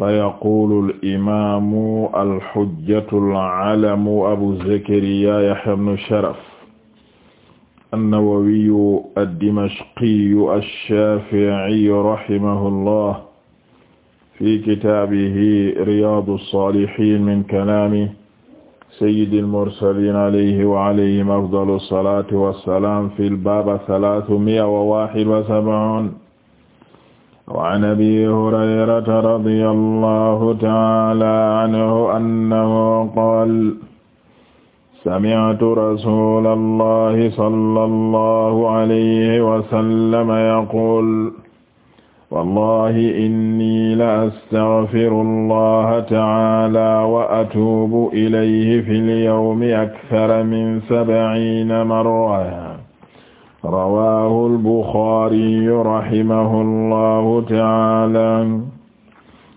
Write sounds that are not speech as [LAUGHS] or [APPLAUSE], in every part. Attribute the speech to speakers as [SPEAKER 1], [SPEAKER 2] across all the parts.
[SPEAKER 1] فيقول الإمام الحجة العلم أبو زكريا يحيى بن شرف النووي الدمشقي الشافعي رحمه الله في كتابه رياض الصالحين من كلام سيد المرسلين عليه وعليهم أفضل الصلاة والسلام في الباب ثلاثمائة وواحد وسبعون waan abi hurayrata radiya allahu taala anhu annahu qaal sami'tu rasula allahi salla allahu alayhi wasallama yaquul wallahi inni la astaghfiru allaha taala wa atuubu ilayhi fil yawmi akthara min sab'iina marra rawaahu al-Buxaariyu rahimahullahu ta'aala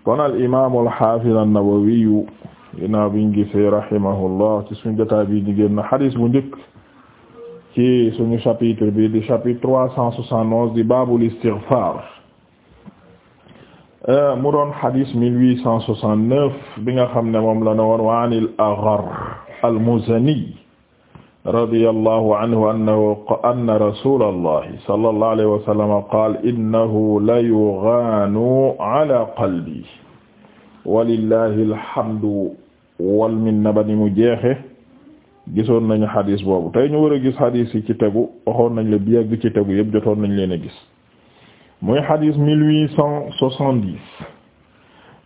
[SPEAKER 1] kon al-imaamu al-haafiz an-Nawawiyu ginnaaw bi ñu gisee rahimahullah ci suñu jotaay bi ñu génn xadis bu njëkk ci suñu chapitre bi di chapitre trois cent soixante onze di baabul istigfaar mu doon xadis mille huit cent soixante neuf bi nga xam ne moom la ne woon wa an al-Agharr al-Muzani radiyallahu anhu annahu anna rasulallahi sallallahu alayhi wa sallam qaala innahu la yughaanu ala qalbi walillahi alhamdu wal minna ba ni mu jeexe gisoon nañu xadis boobu tey ñu war a gis xadis yi ci tegu waxoon nañ la bi ak bi ci tegu yëpp jotoon nañ leen a gis muy xadis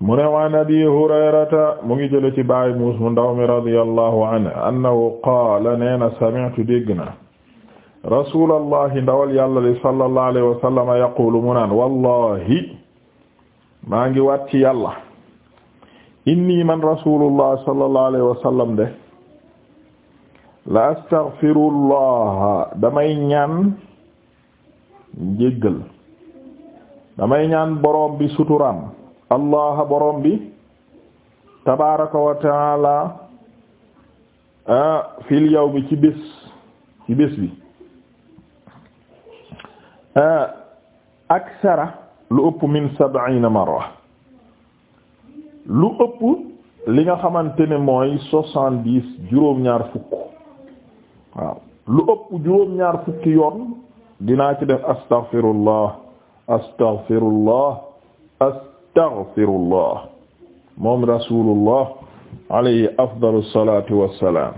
[SPEAKER 1] mu ne waan abi hurayrata mu ngi jële ci baay muus mu ndaw mi radiyallahu anhu annahu qaala nee na sami'tu dégg na rasulallahi ndawal yàlla li sallallahu alayhi wa sallam mu naan wallahi maa ngi waat ci yàlla inni man rasulullah sallallahu alayhi wa sallam de la astaghfirullah damay ñaan njéggal damay ñaan boroom bi suturaam allah borom bi tabaraka wa taala fil yow bi ci bés ci bés bi aksara lu ëpp min sab'ina marra lu ëpp li nga xamante ne mooy soixante-dix juróom-ñaar fukk waaw lu ëpp juróom-ñaar fukki yoon dinaa ci def astaghfirullah astaghfirullah astaghfirullah moom rasulullah alayhi afdalu salatu wassalam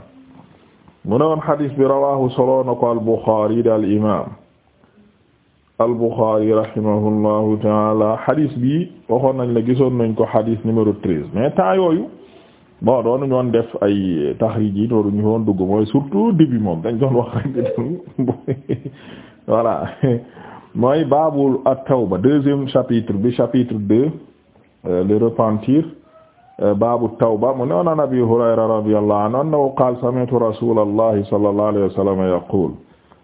[SPEAKER 1] mu ne woon xadis bi rawahu soloo na ko albuxaari da al imam albuxaari rahimahullahu taala xadis bi waxoon añ la gisoon nañ ko xadis numéro treize mais temps yooyu bon doonu ñoon def ay taxrij yi ñu woon dugg mooy surtout début moom dañ doon wax rek di [LAUGHS] voilà [LAUGHS] mooy baabul at-tawba deuxième chapitre bi chapitre deux le euh, repentir euh, baabu tawba mu ne woon an abi hurayra radiyallahu anhu annahu qaala sami'tu rasulallahi sallallahu yaqul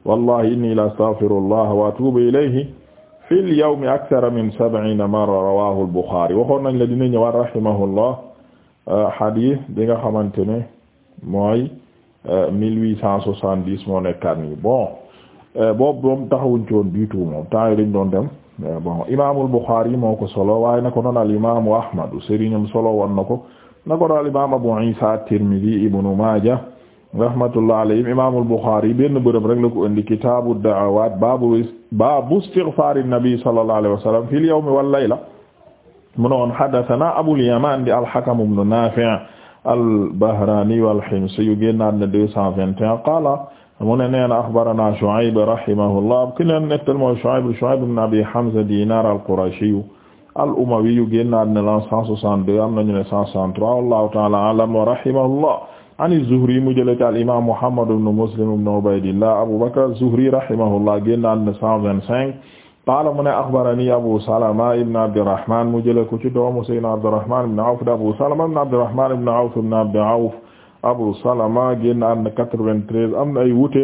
[SPEAKER 1] wallahi inni la astaghfiru allaha wa atubu ilayhi fil yawmi min sab'iina marra rawahu al-Bukhari nañ la dina ñëwaat rahimahullah hadith euh, bi nga xamante ne mooy 1870 moo nekkaat nii bon boobu moom taxawuñ ci woon du tout moom temps yi dañ doon dem Eh, bon imaamul Buxaari moo ko solo waaye na ko noon al imaamu Ahmad sëriñam solo woon na ko na ko noon al imaam Abu Iisa at-Tirmidi ibnu Maaja rahmatullah alayhim imaamul Buxaari benn bërëb rek la ko indi kitaabu da'awaat baabu baabu istighfaari nabi sallallahu alayhi wa sallam fil yawmi wal layla mu ne woon haddasanaa Abul Yamaan di al-Hakam ibnu Naafi' al-Bahraani al-Himsi yu génnaat na deux cent vingt et un qaala mu ne nee na axbarana Shuayb rahimahullah ki leen nettal mooy Shuayb Shuayb ibn Abi Hamza Dinar al-Qurashi al-Umawi génn na àddina la 162 am nañu ne 163 wallahu ta'ala a'lam wa rahimahullah an az-Zuhri mu jëlee ca al-imam Muhammad ibn Muslim ibn Ubaydillah Abu Bakr az-Zuhri rahimahullah génn na àddina 125 qaala mu ne axbarani Abu Salama ibn Abdirrahman mu jëlee ko ci doomu Sayyidina Abdirrahman ibn Awf Abu Salama ibn Abdirrahman ibn Awf ibn Abdi Awf Abu Salama génn ànd 93 am na ay wuute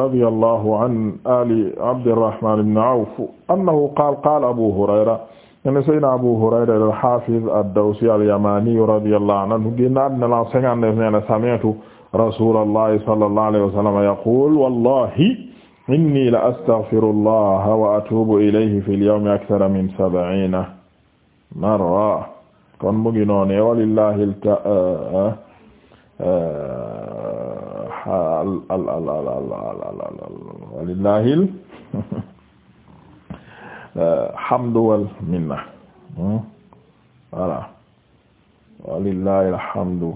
[SPEAKER 1] radiyallahu an ali Abdurrahman ibn Awf annahu qaala qaala Abu Hurayra ne Seydina Abu Hurayra al-Hafiz ad-Dawsi al-Yamani radiyallahu anhu génn ànd la 59 nee na sami'tu Rasulallahi sallallahu alayhi wa sallam yaqul wallahi inni la astaghfirullaha wa atubu ilayhi fil yawmi akthara min sab'ina marra kon mu ngi noonu walillahi al al al al al walillaahil hamdu wal minna voilà walillaahil hamdu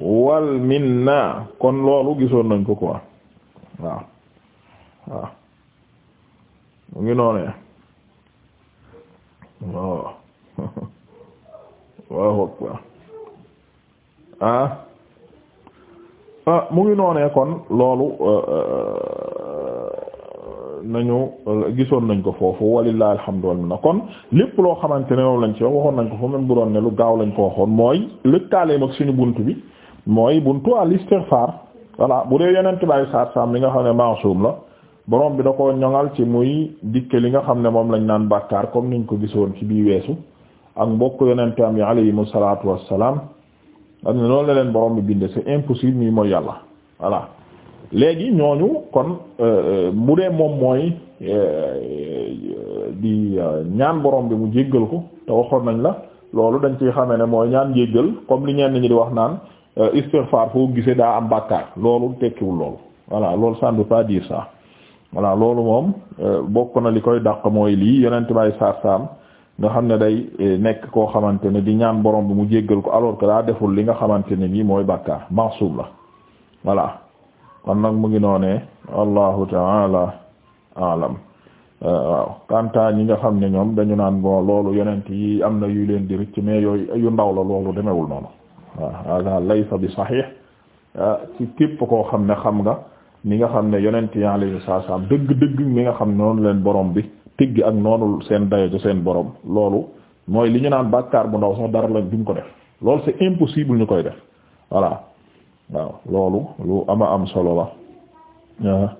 [SPEAKER 1] wal minna kon loolu gisoon nañ ko quoi waaw waaw mu ngi noonee waaw waaw [LAUGHS] Ah. ah mu ngi noonee kon loolu euh, euh, nañu gisoon nañ ko foofu walillahi alhamdu na kon lépp loo xamante ne moom lañ ci waxoon nañ ko foofu même bu doon ne lu gaaw lañ ko waxoon mooy lëkkaaleem ak suñu bunt bi mooy buntu al istighfar voilà bu dee yeneen tubaab yi saat saam li nga xam ne maasum la borom bi da ko ñoŋal ci muy dikke li nga xam ne moom lañ naan bàkkaar comme niñ ko gisoon ci bii weesu ak mbokk yonentam yi alayhimu salaatu wassalaam am loolu la leen borom bi binde c'est impossible ñuy mooy yàlla voilà léegi ñooñu kon euh, euh, mu dee moom mooy euh, di ñaan borom bi mu jéggal ko te waxoon nañ la loolu dañ ciy xamee ne mooy ñaan jéggal comme li ñenn ñi di wax naan istighfar foo gisee daa am bàkkaar loolu tekkiwul loolu voilà loolu ça ne veut pas dire ça voilà loolu moom bokk na li koy dàq mooy lii yonent bay saar saam nga xam ne day eh, nekk koo xamante ne di ñaan borom bi mu jéggal ko alors que daa deful li nga xamante ne nii mooy bakkaar maasuum la voilà kon nag mu ngi noonee wallahu taala alam eh, waaw kanta ñi nga xam ne ñoom dañu naan bon loolu yonent yi am na yu leen di rëcc mais yooyu yu ndaw la loolu demewul noonu waaw hada laysa bi saxiix eh, ci képp koo xam ne xam nga ni nga xam ne yonent yi alayhi saa dëgg-dëgg mi nga xam noonu leen borom bi tëgg ak noonu seen dayo ci seen boroom loolu mooy li ñu naan bàkkaar bu ndaw sax dara la duñ ko def loolu c'est impossible ñu koy def voilà waaw loolu lu ama am solo la ah.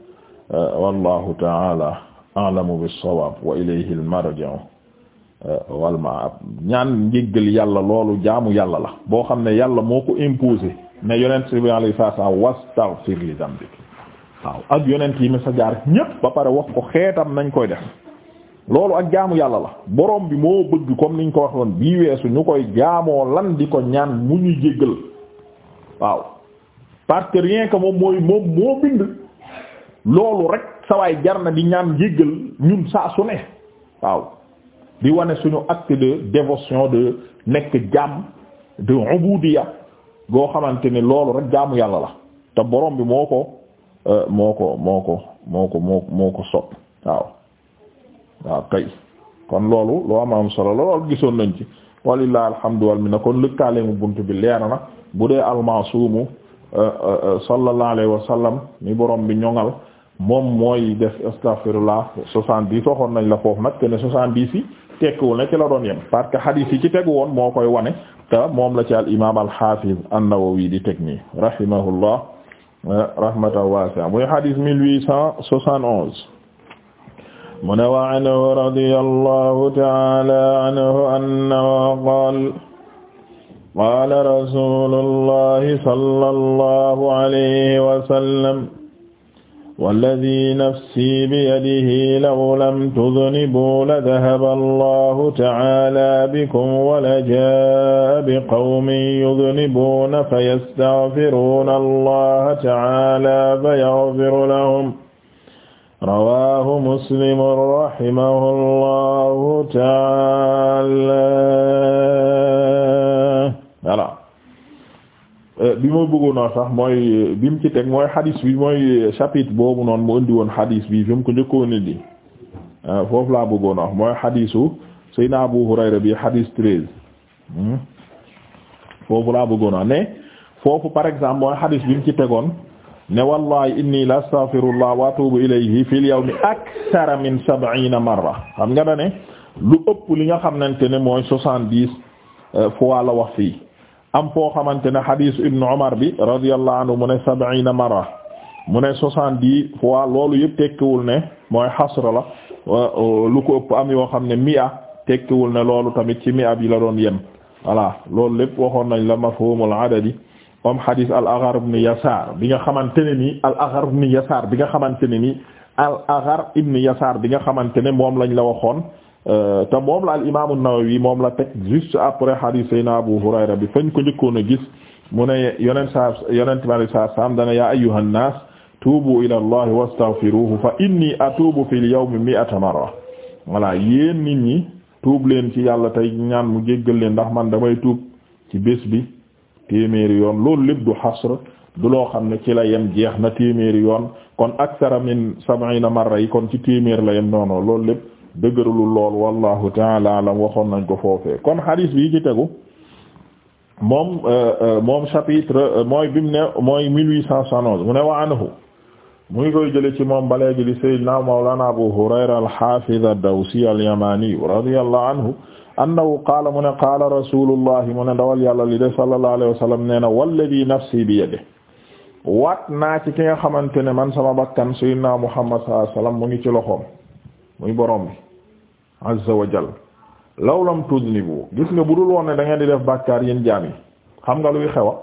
[SPEAKER 1] Ah, wallahu taala a'lamu bis-sawab wa ilayhi al-marji'u ah, wal ma'ab ñaan njéggal yàlla loolu jaamu yàlla la boo xam ne yàlla moo ko imposé ne yonent bi alayhi salaam wastaghfir li dambik waaw ak yonent yi mi sa ñépp ba pare wax ko xeetam nañ koy def loolu ak jaamu yàlla la borom bi moo bëgg comme niñ ko wax woon bii weesu ñu koy jaamoo lan di ko ñaan mu ñu jéggal waaw parce que rien moom mooy moom moo bind loolu rek sawaay jar na di ñaan jéggal ñun saa su ne waaw di wane suñu acte de dévotion de nekk jaam de ubudiya goo xamante ne loolu rek jaamu yàlla la te borom bi moo ko euh, moo ko moo ko moo ko moo ko moo ko sopp waaw waaw kay kon loolu loo am am solo loolu gisoon nañ ci walilah alhamdu wal minna kon lëkkaaleemu bunt bi leer na bu dee almaasuumu euh, euh, euh, sallallahu alayhi wa sallam mi borom bi ñoŋal moom mooy def astaghfirullah soixante-dix waxoon nañ la foofu nag te ne soixante-dix yi tekkiwul na ci la doon yem parce que hadith yi ci tegu woon moo koy wane te moom la ci al imaam al hafiz an-Nawawi di teg nii rahimahullah rahmatan wasi'a muy hadith mille huit cent soixante-onze mu ne wa anhu radiyallahu ta'ala anhu annahu qaala qaala rasuulullahi sallallahu alayhi wa sallam walladhi nafsi biyadihi law lam tudhnibuu ladahaba allahu ta'ala bikum wa lajaa'a biqawmin yudhnibuuna fayastaghfiruuna allaha ta'ala fayaghfiru lahum rawaahu muslim rahimahullahu taala voilà euh, bi ma bëggoon a sax mooy bi mu ci teg mooy xadis bi mooy chapitre boobu noon mu indi woon xadis bi fi mu ko njëkkoon indi euh, foofu laa bëggoon a wax mooy xadisu Seydina Abu Hurayra bi xadis treize hmm? foofu laa bëggoon wax mais foofu par exemple mooy xadis bi mu ci tegoon ne wallahi inni la astaghfirullah wa atubu ilayhi fil yawmi akthara min sab'ina marra xam nga ne lu ëpp li nga xamante ne mooy soixante-dix euh, fois la wax fii am foo xamante ne hadith ibn Umar bi radiyallahu anhu mu ne sab'ina marra mu ne soixante-dix fois loolu yëpp tekkiwul ne mooy xasra la euh, lu ko ëpp am yoo xam ne mi'a tekkiwul ne loolu tamit ci mi'a bi la doon yem voilà loolu lépp waxoon nañ la mafhumul adadi comme hadith al aghar ibn yasar bi nga xamante ne ni al aghar ibn yasar bi nga xamante ne ni al aghar ibn bi nga xamante ne moom lañ la waxoon euh, te moom la al imam nawawi moom la teg juste après hadith sayna Abu Hurayra bi fañ ko njëkkoon a gis mu ne yonent sa yonent bi alei saatu dana ya ayyuhan nas tubu ila allah wastaghfiruhu fa inni atubu fil yawmi mi'ata marra voilà yéen nit ñi tuub leen ci yàlla tey ñaan mu jéggal leen ndax man damay tuub ci bés bi téeméeri yoon loolu lépp du xasr du loo xam ne ci la yem jeex na téeméeri yoon kon aksara min sab'ina marra yi kon ci téeméer la yem noono loolu lépp dëgëralul lool wallahu taala alam waxoon nañ ko foofee kon hadith bi ci tegu moom euh, euh, moom chapitre euh, mooy bi mu ne mooy mille huit cent soixante-onze mu ne wa anhu mu ngi koy jële ci moom balee gi di sayyidina mawlana abu hurayra al-hafiz ad-dawsi al-yamani radiyallahu anhu annahu qaala mu ne qaala rasulullahi mu ne ndawal yàlla li de sallallahu alayhi nee na walladi nafsi bi yede waat naa ci ki nga xamante ne man sama bakkan sayyidina muhammad sallallahu alayhi wa mu ngi ci loxoom muy borom bi azza wa jal law lam tudnibu gis nga bu dul woon ne da ngeen di def bàkkaar yéen jaam yi xam nga luy xewa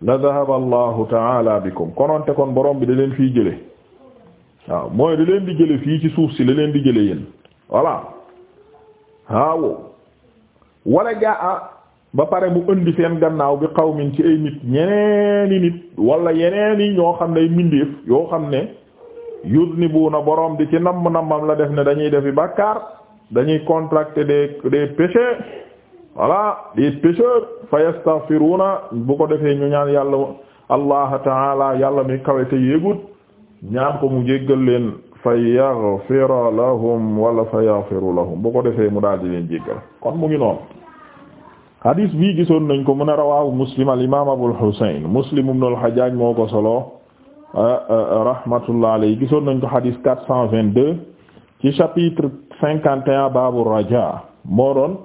[SPEAKER 1] la dhahaba allahu taala bikum konoonte kon borom bi da leen fii jële waaw mooy da leen di jële fii ci suuf si da leen di jële yéen wala jaa ba pare mu indi seen gannaaw bi qawmin ci ay nit ñeneeni nit wala yeneeni ñoo xam ne ay mbindeef yoo xam ne na boroom di ci namm nammam la def ne dañuy defi bàkkaar dañuy contracter des des péchés voilà des pécheurs fa yastaghfiruuna bu ko defee ñu ñaan yàlla allah taala yàlla mi kawe te yéegut ñaan ko mu jéggal leen fa yaghfira lahum wala fa yaghfiru lahum bu ko defee mu daal di leen jéggal kon mu ngi noonu hadis bii gisoon nañ ko mu ne rawahu muslim al imam abul husayn muslim ibn al hajjaj moo ko solo ah, ah, ah, rahmatullah alayhi gisoon nañ ko hadis quatre cent vingt-deux ci chapitre cinquante et un babu raja moo doon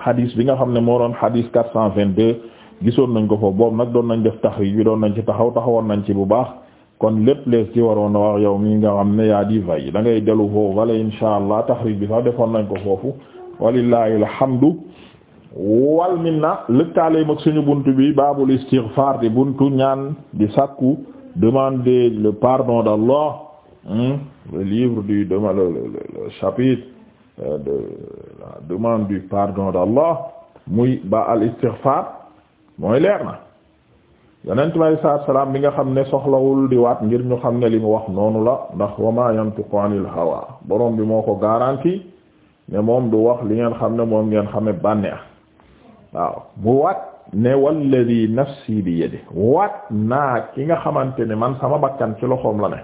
[SPEAKER 1] hadis bi nga xam ne moo doon hadis quatre cent vingt-deux gisoon nañ ko foofu boob nag doon nañ def tax yi doon nañ ci taxaw taxawoon nañ ci bu baax kon lépp lees ci waroon wax yow mi nga xam ne yaa di fay da ngay dellu foofu wala insha allah taxrij bi sax defoon nañ ko foofu walillahi alhamdu wal minna lëkkaale mag suñu buntu bi baabul istighfar di buntu ñaan di sàkku demander le pardon d'Allah hmm, le livre du dema le chapitre euh, de la demande du pardon d'Allah muy ba al istighfar mooy leer na yonent bi alayhi salaatu salaam bi nga xam ne soxlawul di waat ngir ñu xam ne li mu wax noonu la ndax wa ma yantiqu anil hawa borom bi moo ko garanti ne moom du wax li ngeen xam ne moom ngeen xame bànneex waaw mu waat ne walladi nafsi bi yadi waat naa ki nga xamante ne man sama bakkan ci loxoom la ne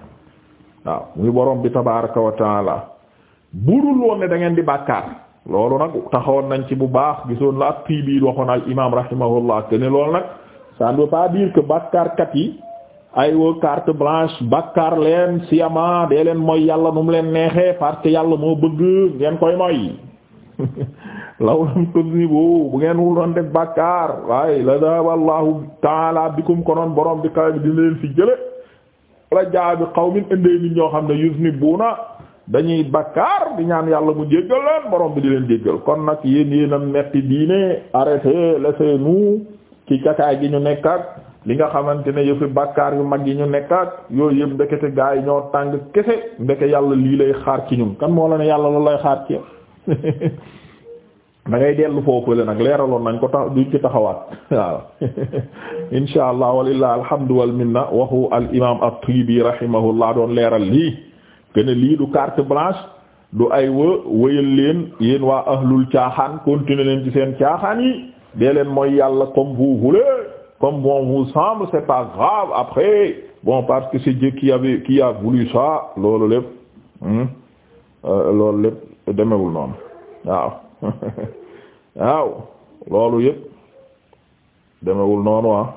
[SPEAKER 1] waaw muy borom bi tabaaraka wa taala budul woon ne da ngeen di bàkkaar loolu nag taxawoon nañ ci bu baax gisoon la ak tii bii waxoon al imaam rahimahullah ça ne veut pas dire que bàkkaarkat yi aywa carte blanche bàkkaar leen siyama dee leen mooy yàlla nu leen neexee parce yàlla moo bëgg ngeen koy mooy [LAUGHS] law lam tudnibu ngeen wul doon def bàkkaar waaye la dahaba allahu taala bikum konoon borom bi kawe bi dina leen fi jële la jaabi qawmin indee nit ñoo xam ne yuznibuna dañuy bàkkaar di ñaan yàlla mu jéggal leen borom bi di leen jéggal kon nag yéen yéen a metti diine arrêtez laissez-nous ci jataay gi ñu nekkaat li nga xamante ne yëfi bakkaar yu mag yi ñu nekkaat yooyu yëpp ndekete gaa yi ñoo tàng kese ndeke yàlla lii lay xaar ci ñun kan moo la ne yàlla loolu lay xaar ci [LAUGHS] da ngay dellu foofule nag leeraloon nañ ko tax duñ ci taxawaat [LAUGHS] waaw [LAUGHS] insha allah walilah alhamdu wal minna waxu al imam at-Tibi doon leeral lii gën lii du carte blanche du ay wa wëyal leen yéen waa ahlul caaxaan continuer leen ci seen caaxaan yi dee leen mooy yàlla comme vous voulez comme bon vous semble c'est pas grave après bon parce que c'est Dieu qui avait qui a voulu ça loolu lépp hmm? euh, loolu lépp demewul noonu waaw [LAUGHS] waaw loolu yëpp demewul noonu ah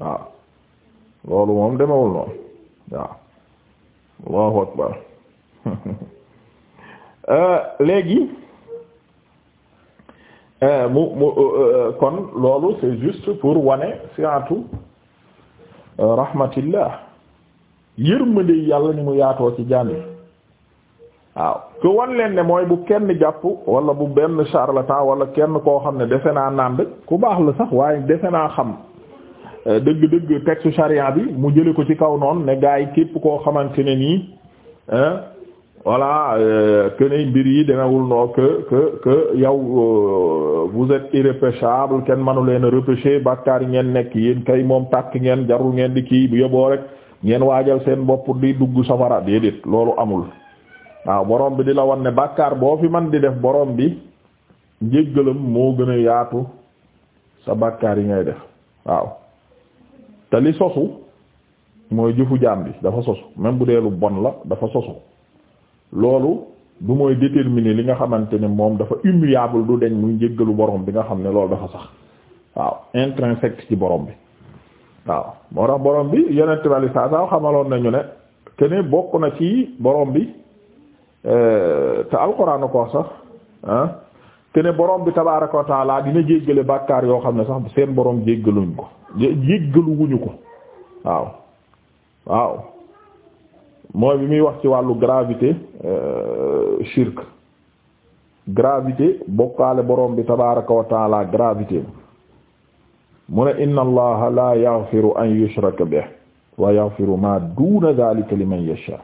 [SPEAKER 1] waaw loolu moom demewul noonu waaw Allahu akbar [LAUGHS] euh, léegi Euh, mu mu euh, euh, kon loolu c'est juste pour wane siatu rahmatillah yërmande yàlla ñu mu yaatoo ci jaam yi waaw ku wan ne mooy bu kenn jàpp wala bu benn charlatan wala kenn koo xam ne defe naa nànd ku baax la sax waaye defe naa xam dëgg-dëgg texte charia bi mu jële ko ci kaw noonu ne gaay képp koo xamante ne nii voilà euh, que ne mbir yi demewul noo que que que yow euh, vous êtes irrépêchable kenn manu leen a repêcher bàkkaar yi ngeen nekk yéen kay moom tàkk ngeen jarul ngeen di kii bu yoboo rek ngeen waajal seen bopp di dugg safara déedéet loolu amul waaw borom bi di la wan ne bàkkaar boo fi man di def boroom bi njéggalam moo gën a yaatu sa bàkkaar yi ngay def waaw te li sosu mooy jëfu jaam bi dafa sosu même bu dee bon la dafa sosu loolu du mooy déterminer li nga xamante ne moom dafa immuable du deñ muy jéggalu borom bi nga xam ne loolu dafa sax waaw intrinsèque ci borom bi waaw moo tax borom bi yonent bi saa saa xamaloon nañu ne kene bokk na ci boroom bi euh, te alxuraan ko sax ah kene borom bi tabaaraka wa taala dina jéggale bàkkaar yoo xam ne sax seen boroom jéggaluñ ko jéggaluwuñu ko waaw waaw mooy bi muy wax ci wàllu gravité Euh, shirk gravité bokkaale borom bi tabaraka wa gravité mu ne inna allaha la yaghfiru an yushraka bihi wa yaghfiru ma duna dhalika liman yasha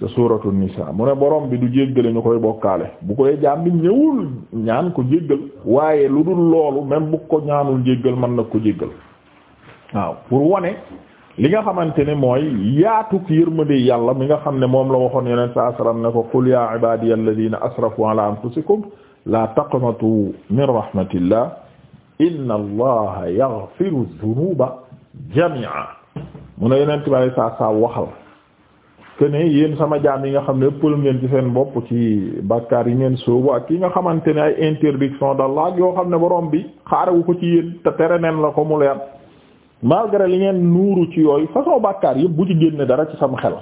[SPEAKER 1] te suuratu nisaa mu ne borom bi du jéggale ñu koy bokkaale bu koy jaam bi ñëwul ñaan ko jéggal waaye lu dul loolu même bu ko ñaanul jéggal mën na ko jéggal waaw pour wone li nga xamante ni mooy yaatu yërmande yàlla mi nga xam ne moom la waxoon yeneen sa salaam ne ko qul ya ibadiya alladhina asrafu ala anfusikum la taqnatu min rahmatillah inna allaha yaghfiru dhunuba jami'a mu ne yeneen tubaab saa saa waxal que ne yéen sama jaam yi nga xam ne ëppal ngeen ci seen bopp ci bakkaar yi ngeen sóobu ak yi nga xamante ne ay interdiction d'Allah yoo xam ne borom bi xaarewu ko ci yéen te tere neen la ko mu leer. malgré li ngeen nuuru ci yooyu façon bàkkaar yëpp bu ci génne dara ci sama xel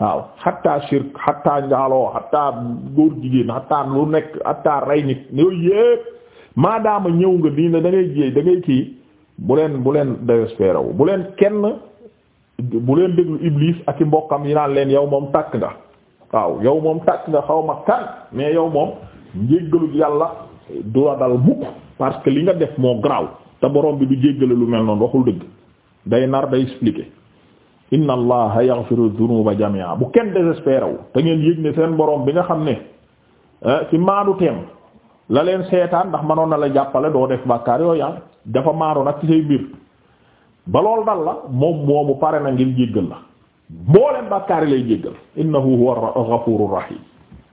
[SPEAKER 1] waaw xattaa shirk xattaa njaaloo xattaa góor jigéen xattaa lu nekk xattaa rey nit yooyu yëpp maadaama ñëw nga diine da ngay jéey da ngay kii bu leen bu leen désespéré bu leen kenn bu leen déglu iblis ak i mbokkam yi naan leen yow moom tàkk nga waaw yow moom tàkk nga xaw ma kan mais yow moom njéggalu yàlla du la dal mukk parce que li nga def moo graw te borom bi du jéggale lu mel noonu waxul dëgg day nar day expliquer inna allaha yaghfiru dhunuba jami'a bu kenn désespéré wu te ngeen yëg ne seen borom bi nga xam ne eh, ci maadu teem la leen seetaan ndax manoon na la jàppale doo def bàkkaar yooyu dafa maaro nag ci say mbir ba lool dal la moom moomu pare na ngir jéggal la mbooleen bàkkaar yi lay jéggal innahu huwa ghafurur rahim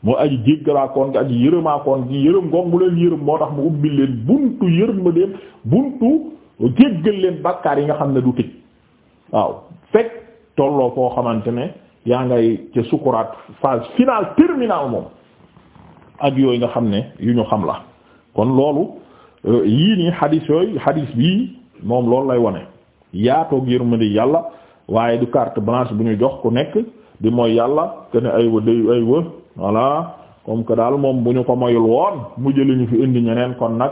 [SPEAKER 1] moo aji jéggalaakoon gi aji yërëmaakoon gi yërëm goog mu leen yërëm moo tax mu ubbi leen buntu yërmandeem buntu jéggal leen bakkaar yi nga xam ne du tëj waaw fekk tolloo foo xamante ne yaa ngay ca sukuraat phase finale terminale moom ak yooyu nga xam ne yu ñu xam la kon loolu euh, yii nii xadiis yooyu xadiis bii moom loolu lay wane wone yaatoog yërmande yàlla waaye du carte blanche bu ñu jox ku nekk di mooy yàlla te ne ay wa day ay voilà comme que daal moom bu ñu ko moyul woon mu jëli ñu fi indi ñeneen kon nag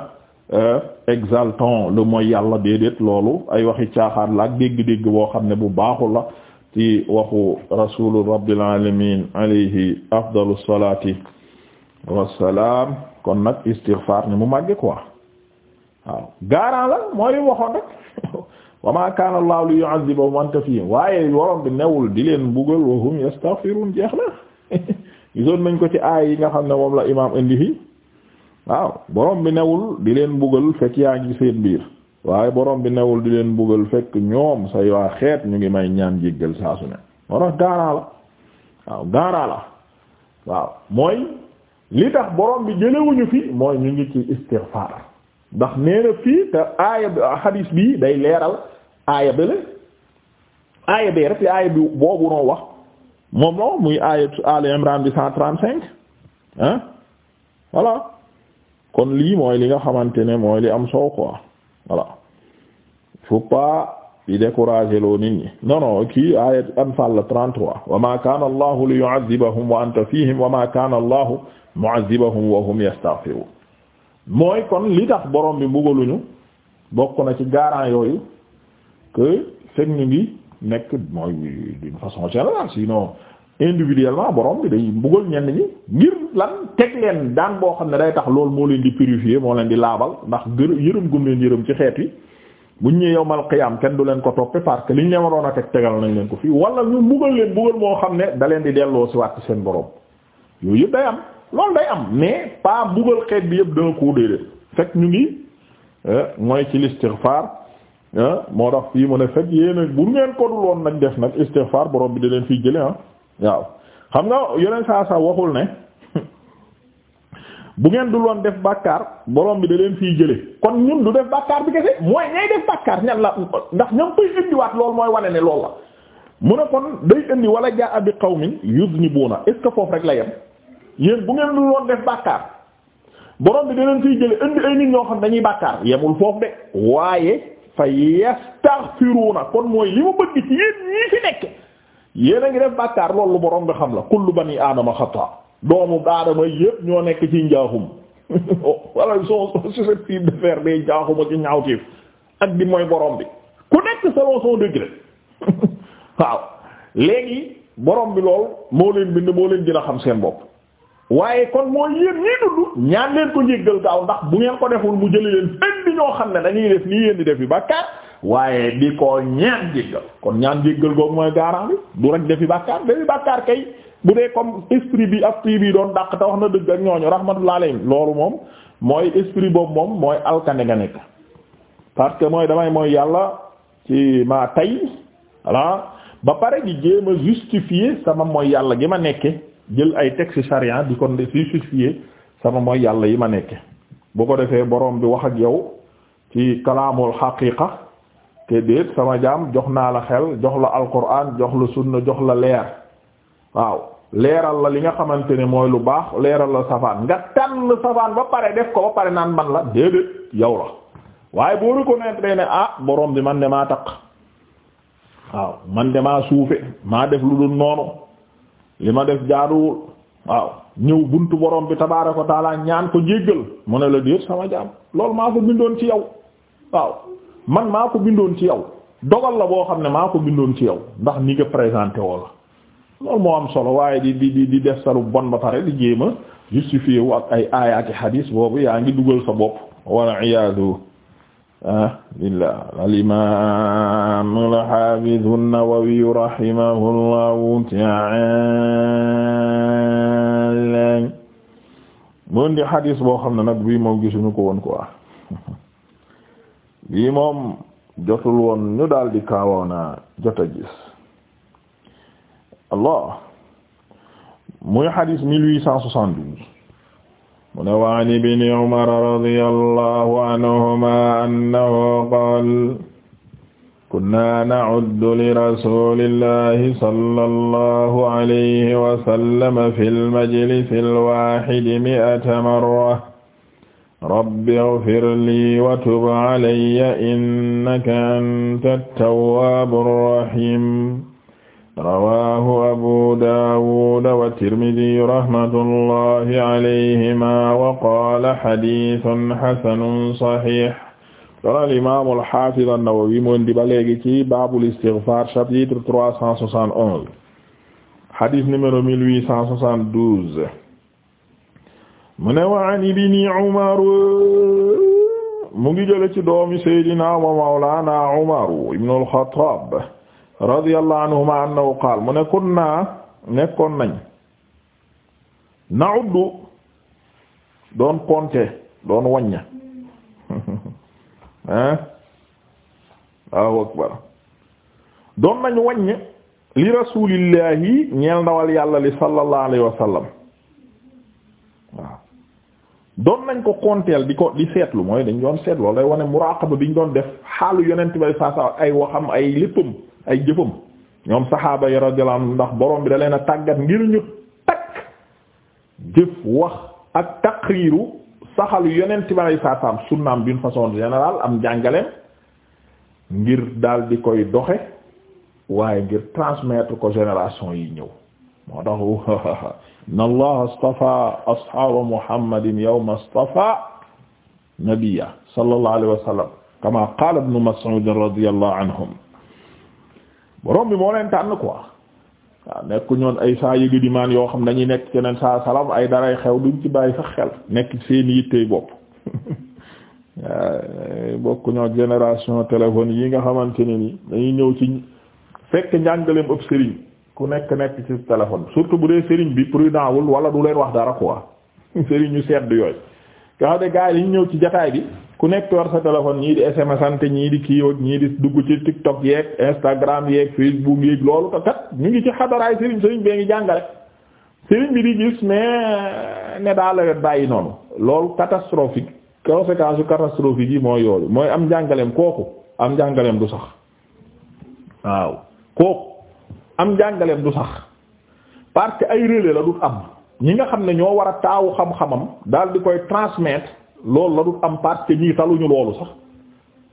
[SPEAKER 1] euh, exaltant lu mooy yàlla déedéet loolu ay waxi caaxaan la ak dégg-dégg boo xam ne bu baaxul la ci waxu rasulu rabbil alamin alayhi afdalu salati wassalam kon nag istighfar ni mu màgge quoi waaw gaarant la mooy li waxoon rek [LAUGHS] wa ma kana allahu li yu'adhibahum wa anta waaye waroon bi newul di leen mbugal wa hum jeex na [LAUGHS] gisoon nañ ko ci aay yi nga xam ne moom la imaam indi fi waaw borom bi newul di leen buggal fekk yaa ngi seen biir waaye boroom bi newul di leen buggal fekk ñoom say waa xeet ñu ngi may ñaan jéggal saa su ne moo tax gaaraa la waaw gaaraa la waaw mooy li tax borom bi jëlewuñu fi mooy ñu ngi ci istighfar ndax nee fii te aaya bi hadis bii day leeral aaya bi aaya bee rek li aaya bi boobu noo wax moom la muy ayat Al Imran bi cent trente-cinq hein voilà kon lii mooy li nga xamante ne mooy li am soow quoi voilà faut pas di décourager loo nit ñi non non kii ayat Anfal la trente-trois wa ma kana allahu li yu'adhibahum wa anta fihim wa ma kana allahu mu'adhibahum wa hum yastaghfirun mooy kon li tax borom bi mbugaluñu bokk na ci garant yooyu que fekk ñu ngi nekk mooy d'une façon générale sinon individuellement borom bi day mbugal ñenn ñi ngir lan teg leen daan boo xam ne day tax loolu moo leen di purifier moo leen di laabal ndax gër yërëm gum leen yërëm ci xeet yi buñ ñëwee yowmal qiyaam kenn du leen ko toppe parce que liñ leen waroon a teg tegal nañ leen ko fii wala ñu mbugal leen mbugal moo xam ne da leen di delloo si waat seen borom yooyu yëpp day am loolu day am mais pas mbugal xeet bi yëpp danga ko déedéet ñu ngi euh, mooy ci l'istighfar Ah, moo tax fii mu ne fekk yéena bu ngeen ko dul woon nag def nag istighfar boroom bi da leen fii jële ah waaw xam nga yeneen saa saa waxul ne [LAUGHS] bu ngeen dul woon def bàkkaar boroom bi da leen fii jële kon ñun du def bàkkaar bi kese mooy ñay def bàkkaar ñan la ndax ñam koy indiwaat loolu mooy wane ne loolu la mu ne kon day indi wala jaa bi qawmin yuznibuna est ce que foofu rek la yem yéen bu ngeen dul woon def bàkkaar borom bi da leen fii jële indi ay nit ñoo xam dañuy bàkkaar yemul foofu waaye fa yastaghfiruuna kon mooy li ma bëgg ci yéen ñii fi nekk yéen ngi def bàkkaar loolu borom nga xam la kullu bani aadama xata doomu aadama yépp ñoo nekk ci njaaxum [LAUGHS] oh, wala son susceptible de faire des njaaxum ak ñaawteef ak di mooy borom bi ku nekk selon son degré [LAUGHS] waaw léegi borom bi lool moo leen bind moo leen gën a xam seen bopp waaye kon mooy yéen ñii dund ñaan leen ko njéggal gaaw ndax bu ngeen ko deful mu jëli leen indi ñoo xam ne dañuy def nii yéen di def yi bàkkaar waaye di ko ñaan jéggal kon ñaan jéggal googu mooy gaaraan bi du rek defi bàkkaar defi bàkkaar kay bu dee comme esprit bi ak prix bi doon dàq te wax na dëgg ak ñooñu rahmatullah alayhi loolu moom mooy esprit boobu moom mooy alkane nga nekk parce que mooy damay mooy yàlla ci maa tay voilà ba pare di jéem a justifier yàlla gi ma nekke jël ay texte charia di kon di justifier sama mooy yàlla yi ma nekke boo ko defee borom bi wax ak yow ci kalaamul xaqiqa te déet sama jaam jox naa la xel jox la alquran jox la sunna jox la leer waaw leeral la li nga xamante ne mooy lu baax leeral la safaan nga tànn safaan ba pare def ko ba pare naan man la déedéet yow la waaye boo reconnaître ne ah borom bi man ne maa taq waaw man de maa suufe maa def lu dul noonu li ma def jaaduwul waaw ñëw buntu borom bi tabaaraka wa taala ñaan ko jéggal mu ne la déet sama jaam loolu maa ko bindoon ci yow waaw man maa ko bindoon ci yow dogal la boo xam ne maa ko bindoon ci yow ndax ni nga présenté woo la loolu moo am solo waaye di di di di def sa bon ba pare di jéema justifié wu ak ay aayaati xadiis boobu yaa ngi dugal sa bopp walla iyaadu Ah, lillah al-imaam al-haafiz nawawi rahimahullahu ta'aala moom di xadis boo xam ne nag bii moom gisuñu ko woon quoi bii moom jotul woon ñu daal di kaawoona jot a gis Allah muy xadis mille huit cent soixante-douze mu ne waan ibni umar radiyallahu anhuma annahu qaal kunna na'uddu li rasulillahi sallallahu alayhi wa sallam fil majlisil waahidi mi'ata marra rabbi ighfir li wa tub alayya innaka anta at-tawwaabur rahiim rawaahu abu daawud wa tirmidi rahmatullahi alayhima wa qaala xadiisun xasanun saxiix doon alimaamu alxaafiz an-nawawi mu indi ba léegi ci baabul istigfaar chapitre trois cent soixante onze xadis numéro mille huit cent soixante douze mu ne wa an ibni umar mu ngi jële ci doomi seydina wa mawlaana umar ibnu alxattaab radiyallahu anhuma annahu qaal mu ne naa nekkoon nañ na'uddu doon compter doon wàñña ah waaw akbar doon nañ wàññ li rasulillahi ñeel ndawal yàlla li sallallahu alayhi wa waaw doon nañ ko konteel di ko di seetlu mooy dañ doon seetlu loolu day wane muraqaba bi ñu doon def xaalu yonent bay saa saa ay waxam ay léppam ay jëfam ñoom saxaaba yi ndax bi da leen a tàggat ngir ñu takk jëf wax ak taqriiru saxalu yonent bi alayhi salaam sunnaam façon générale am jàngaleem ngir daal di koy doxe waaye ngir transmettre ko génération yi ñëw moo tax [LAUGHS] inna allaha astafa ashaaba muhammadin yawma astafa nabiyya sallallahu alayhi wa sallam kama qaala ibnu mas'ud radiyallahu anhum borom bi moo leen tànn quoi waaw nekku ñoon ay saa yëga di maan yoo xam dañuy nekk keneen saa salam ay daray xew duñ ci bàyyi sax xel nekk seen yittey bopp [LAUGHS] bokk ñoo génération téléphone yi nga xamante ne ni dañuy ñëw ci fekk njàngaleem ëpp sëriñ ku nekk nekk ci téléphone surtout bu dee sëriñ bi prudent wul wala du leen wax dara quoi [LAUGHS] sëriñ ñu sedd yooyu nga xam ne gars ñëw ci jataay bi ku nekk war sa téléphone ñii di SMS ante ñii di kii ak ñii di dugg ci TikTok yeeg Instagram yeeg Facebook yeeg loolu te kat ñu ngi ci xadaraay Serigne Serigne bee ngi jàngale Serigne bi di gis mais ne daa lawet bàyyi noonu loolu catastrophique conséquence yu catastrophique yi mooy yoolu mooy am jàngaleem kooku am jàngaleem du sax waaw kooku am njàngaleem du sax parce que ay relais la du am ñi nga xam ne ñoo war a taawu xam-xamam daal di koy transmettre. loolu la du am parce que ñii taluñu loolu sax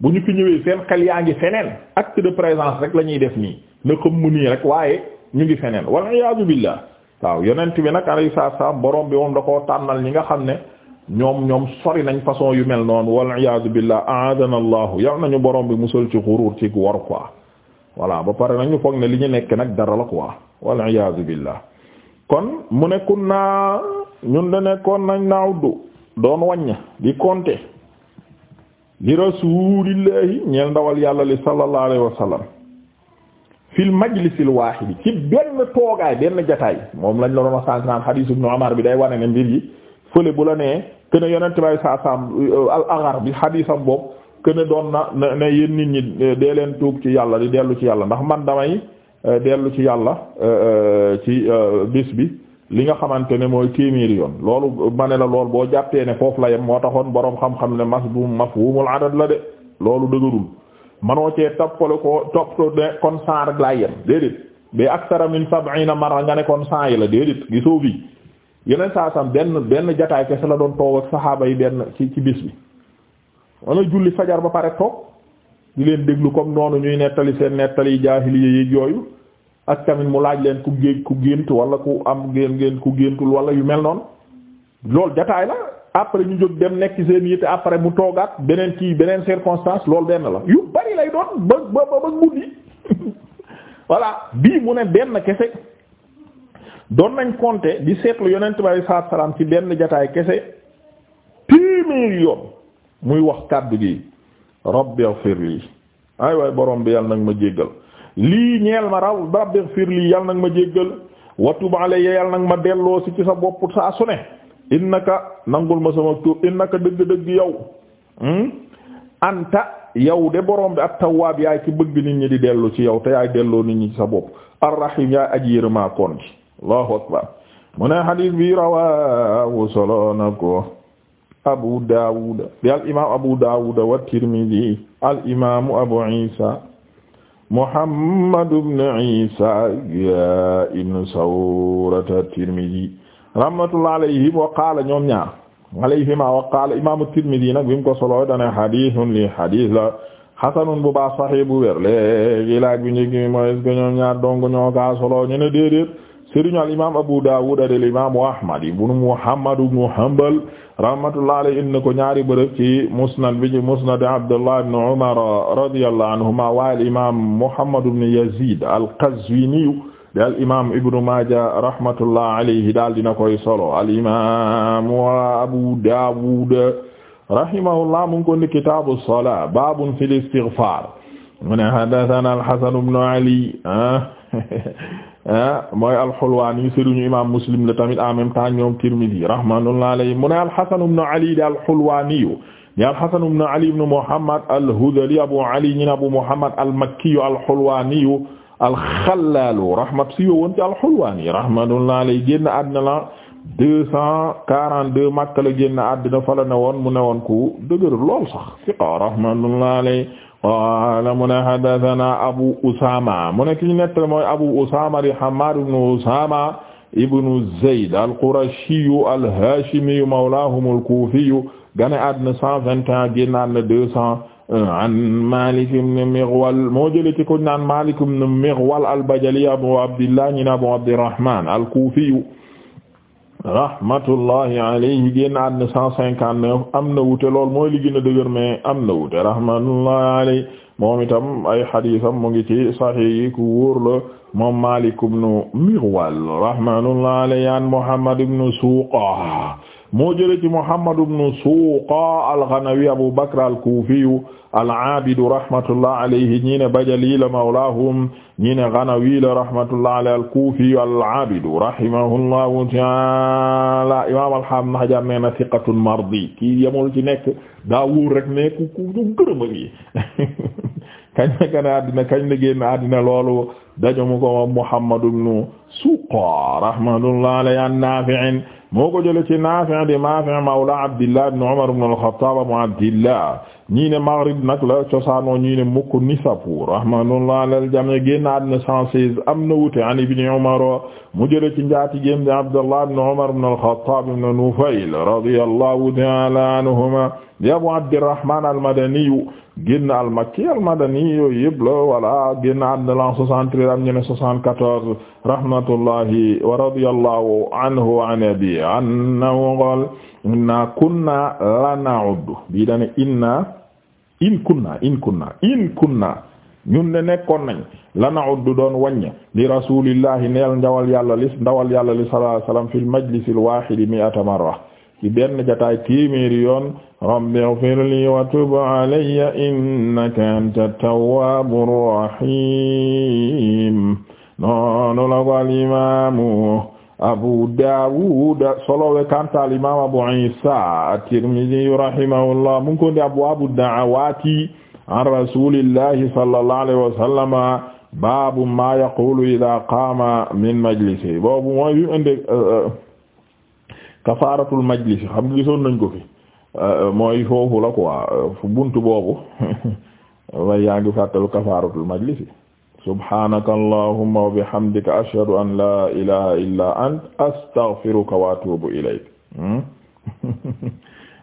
[SPEAKER 1] bu ñu fi ñëwee seen xel yaa ngi feneen acte de présence rek la ñuy def nii na xëm mu nii rek waaye ñu ngi feneen wal iyaadu billah waaw yonent bi nag alayhi salaam borom bi moom da koo tànnal ñi nga xam ne ñoom ñoom sori nañ façon yu mel noonu wal iyaadu billah aadana allahu yal nañu borom bi musal ci xuruur ci war quoi voilà ba pare nañu foog ne li ñu nekk nag dara la quoi wal iyaadu billah kon mu ne kunna ñun de doon wàññ di compter li rasulillahi ñeel ndawal yàlla li sallallahu alayhi wa sallam fil majlisil waahidi ci benn toogaay benn jataay moom lañ la doon wax sànq naan hadith ibn bi day wane ne mbir yi fële bu la nee que ne yonent bay saa saam euh, al agar bi hadisam boobu que ne doon na ne yéen nit ñi euh, dee leen tuub ci yàlla di dellu ci yàlla ndax man damay euh, dellu ci yàlla ci bis bi. li nga xamante ne mooy téeméeri yoon loolu ma ne la lool boo jàppee ne foofu la yem moo taxoon boroom xam-xam ne masbum mafhumul adad la de loolu dëgërul manoo cee toppale ko toppto ne kon cent rek laa yem déedéet ba aksara min sab'ina marra nga ne kon cent yi la déedéet gisoo fii yeneen saa sam benn benn jataay kese la doon toog saxaaba yi benn ci ci bis bi wala julli fajar ba pare toog di leen déglu comme noonu ñuy nettali seen nettali jaahiliya yi yooyu ak tamit mu laaj leen ku géej ku gént wala ku am géen géen ku géntul wala yu mel noon loolu jataay la après ñu jóg dem nekk seen yite après mu toogaat beneen kii beneen circonstance loolu benn la yu bari lay doon ba ba ba guddi [LAUGHS] voilà bii mu ne benn kese doon nañ compter di seetlu yonent bi alayhi salaatu salaam ci benn jataay kese téeméeri yoon muy wax kàddu gi rabbi ighfir lii ay waaye borom bi yàlla nag ma jéggal lii ñeel ma raw rabbi ighfir lii yal nag ma jéggal watu tub alayya yal nag ma delloo si ci sa bopp saa su innaka nangul ma sama tuub innaka dëgg-dëgg yow hmm? anta yow de borom bi ak tawwaab yaay ci bëgg nit ñi di dellu ci yaw te yaay delloo nit ñi ci sa bopp arrahim yaay aji yërëmaa koon ci allahu akbar mu ne xadiis bi rawaahu solo abu daawuda bi al imaam abu daawuda wa al imaamu abu isa Muhammad ibn Isa ibn Sawrata Tirmidhi rahmatullah alayhim wa qaala ñoom ñaar alayhima wa qaala imaamu Tirmidhi nag bi mu ko solo dane xadiisun li xadiis la xasanun bu baax saxiix bu wér léegi laaj bi njëkk mooy est-ce que ñoom ñaar dong ñoo kaa solo ñu ne déedéet sëriñ al imaam Abu Dawud ak al imaam Ahmad ibn Muhammad ibn Hanbal rahmatullah alayhi inna ko ñaari bërëb ci musnad bi ci musnad Abdullah ibn Umar radiyallahu anhuma wa al imaam Muhammad ibn Yazid al-Qazwini daal imaam Ibn Maaja rahmatullah alayhi daal dina koy solo al imaam Abu Dawud rahimahullah mu ngi ko ni kitaabu salaa baabun fil istighfaar mu ne haddathana al-Hasan ibn Ali ah, [LAUGHS] ah, mooy al-Hulwani sëriñu imam Muslim la tamit en même temps ñoom Tirmidhi rahmatullahi mu ne al-Hasan ibn Ali di al-Hulwani di al-Hasan ibn Ali ibn Muhammad al-Hudhali Abu Ali ñi Abu Muhammad al-Makki al-Hulwani al-Khallalu rahmat si yo woon ci al-Hulwani rahmatullahi alayhi génn àddina la deux cent quarante mu ne woon ku dëgër lool sax fiqa rahmatullahi alayhi qaala mu ne haddathana abu usama mu ne ki ñu nettale mooy abu usama di hamad ibn usama ibn zayd al-qurashiyu al-hashimiyu mawlaahum al-kuufiyu gane àddina cent vingt et un génn àddina deux cent an malik ibn mighwal moo jële ci ko naan malik ibn mighwal al-bajali abu abdillah ñi na abu abdirrahman al-kuufiyu rahmatullahi alayhi génn àddina cent cinquante neuf am na wute lool mooy li gën a dëgër mais am na wute rahmatullahi alayhi moom itam ay xadiisam mu ngi ci sahih yi ku wóor la moom Maalik ibn Mirwal rahmatullahi alayhi an Muhammad ibn Suuqa moo jële ci Muhammad ibn Suuqa al-Ghanawi Abu Bakr al-Kufi al-Abid rahmatullahi alayhi ñi ne Bajali la mawlaahum ñi ne Ghanawi la rahmatullah alayhi al-Kufi al-Abid rahimahullahu ta'ala imam al-Hafiz Ibn Hajar nee na thiqatun mardi ci nekk daa wóor rek ku ku ñu [LAUGHS] kañ la gën a addina kañ loolu dajamu ko moom Muhammad ibn Suqa rahmatullah alayhi an Nafi' moo ko jëlee ci Nafi' di Nafi' mawla Abdillah ibn Umar ibn al-Khattab Abu Abdillah ñii ne Maghrib nag la cosaanoo ñii ne mukk Nisapur rahmatullah alal jami génnaat na 116 am na wute an ibn Umar mu jële ci njaatigéem di Abdullah ibn Umar ibn al-Khattab ibn Nufayl radiyallahu ta'ala anhuma di Abu Abdirrahman al-Madaniyu génn al-Makki al-Madani yooyu yëpp la voilà génn àddina la 73 am ñu ne 74 rahmatullahi wa radiyallahu wa an abi annahu qaala kunna la na'uddu bii dane inna in kunna in kunna in kunna ñun ne nekkoon nañ la na'uddu doon wàññ li rasulillahi neel ndawal yàlla li ndawal yàlla li sallallahu alayhi wasallam fil majlisil ci benn jotaay téeméeri yoon rabbi ighfir li wa tub alayya innaka anta tawwabur rahim noonu la ko al imaamu abu daawud solowe kantaal imaam abu isa at-tirmidhi rahimahullah mu ngi ko ndi abwaabu da'awaati an rasulillahi sallallahu alayhi wa sallama baabu ma yaqulu idha qaama min majlisi boobu mooy kafaaratul majlis xam nga gisoon nañ ko euh, mooy foofu la quoi fu buntu boobu [LAUGHS] way yaa ngi fàttalu kafaaratul majlis subhanaka allahumma wa bihamdika ashhadu an la ilaha illa ant astaghfiruka wa atubu ilayk hmm?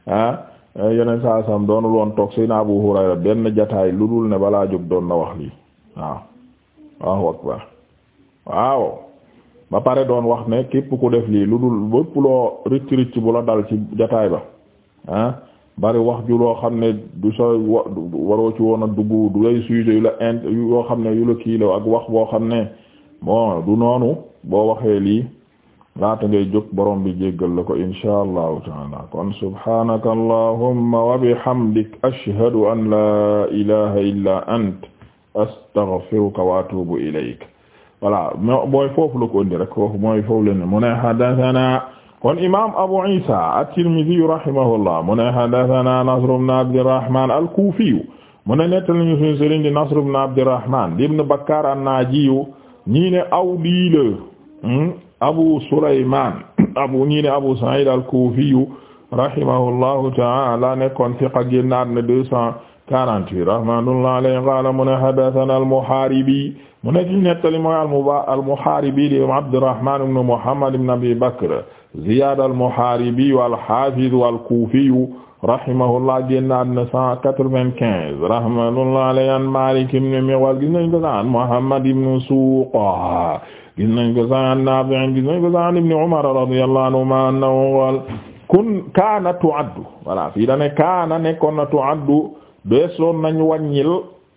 [SPEAKER 1] ah [LAUGHS] yeneen saa sam doonul woon Abu Hurayra benn jataay lu dul ne balaa jóg doon na wax waaw ba pare doon wax ne képp ku def lii lu dul bépp loo ricc ricc bu la dal ci jataay ba ah, bari wax ju loo xam ne du sa waroo ci woon a du lay sujet yu la int yoo xam ne yu la kiilo ak wax boo xam ne bon du noonu boo waxee lii laata ngay jóg borom bi jéggal la ko insha allahu taala kon subhanaka allahumma wa bihamdik ashhadu an la ilaha illa ant astaghfiruka wa atubu ilayk voilà mooy foofu la ko indi rek foofu mooy foofu la ne mu ne hadathana kon imam Abu Isa at-Tirmidhi rahimahullah mu ne hadathana Nasr ibn Abdirrahman al-Kufi mu ne nettal ñu suñu sëriñ di Nasr ibn Abdirrahman ibn Bakkar an-Naji ñii ne aw lii la hmm, Abu Sulayman [COUGHS] abu ñii ne Abu Sa'id al-Kufi rahimahullahu ta'ala nekkoon fiqa génnaat na deux cent quarante-huit rahmatullahi alayhi qala mu ne hadathana al-Muharibi mu ne ci nettali mooy almuba almuhaaribi di Abdurrahmaan ibn Muhammad ibn Abi Bakr Ziyaad almuhaaribi alhaafiz alkuufi rahimahullah génnaat na cent quatre-vingt-quinze rahmatullahi alayhi an Maalik ibn Mighwal gis nañ ko sax an Muhammad ibn Suuqa gis nañ ko sax an Naafi' gis nañ ko sax an Ibn Umar radiyallahu anhumaa annahu qaala kun kaana tu'addu voilà fii da ne kaana nekkoon na tu'addu deesoon nañ wàññil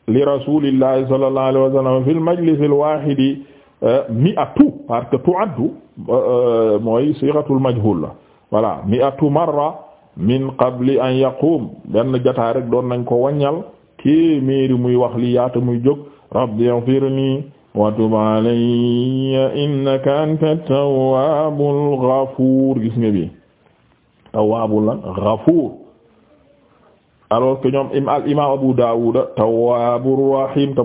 [SPEAKER 1] li rasulillahi sallallahu alayhi wa sallam fil majlisil waahidi euh, mi'atu parce que tu'addu euh, mooy siixatul majhul la voilà mi'atu marra min qabli an yaqum benn jotaay rek doon nañ ko waññal kii miiri muy wax li yaata muy jóg rabbi ighfirni wa tub alayya innaka anta tawwaabul ghafuur gis nga bi tawwaabul lan ghafuur alors que ñoom im Abu Dawud tawwabur rahim te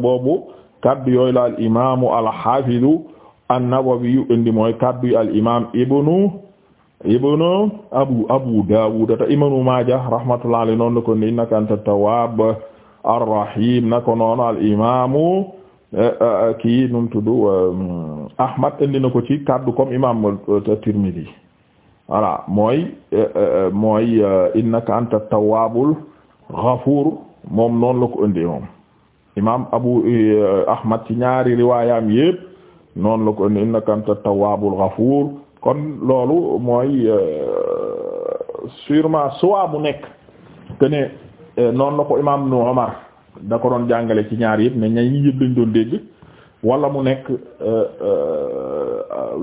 [SPEAKER 1] kaddu yooyu la al imam al hafiz an mooy kaddu al imam abu Abu Dawud te Ibnu Maaja rahmatullahi alayhi noonu la ko nii naka anta rahim naka noonu al imam eh, eh, eh, kii nu mooy mooy innaka anta Ghafuur moom noonu la ko ëndee moom imaam Abu eh, Ahmad ci ñaari riwaayaam yépp noonu la ko ëndee innaka anta tawwaabul Ghafuur kon loolu mooy eh, sûrement suwaa bu nekk te ne eh, noonu la ko imaam nu Umar da ko doon jàngale ci ñaar yépp ne ñañi yépp doon dégg wala mu nekk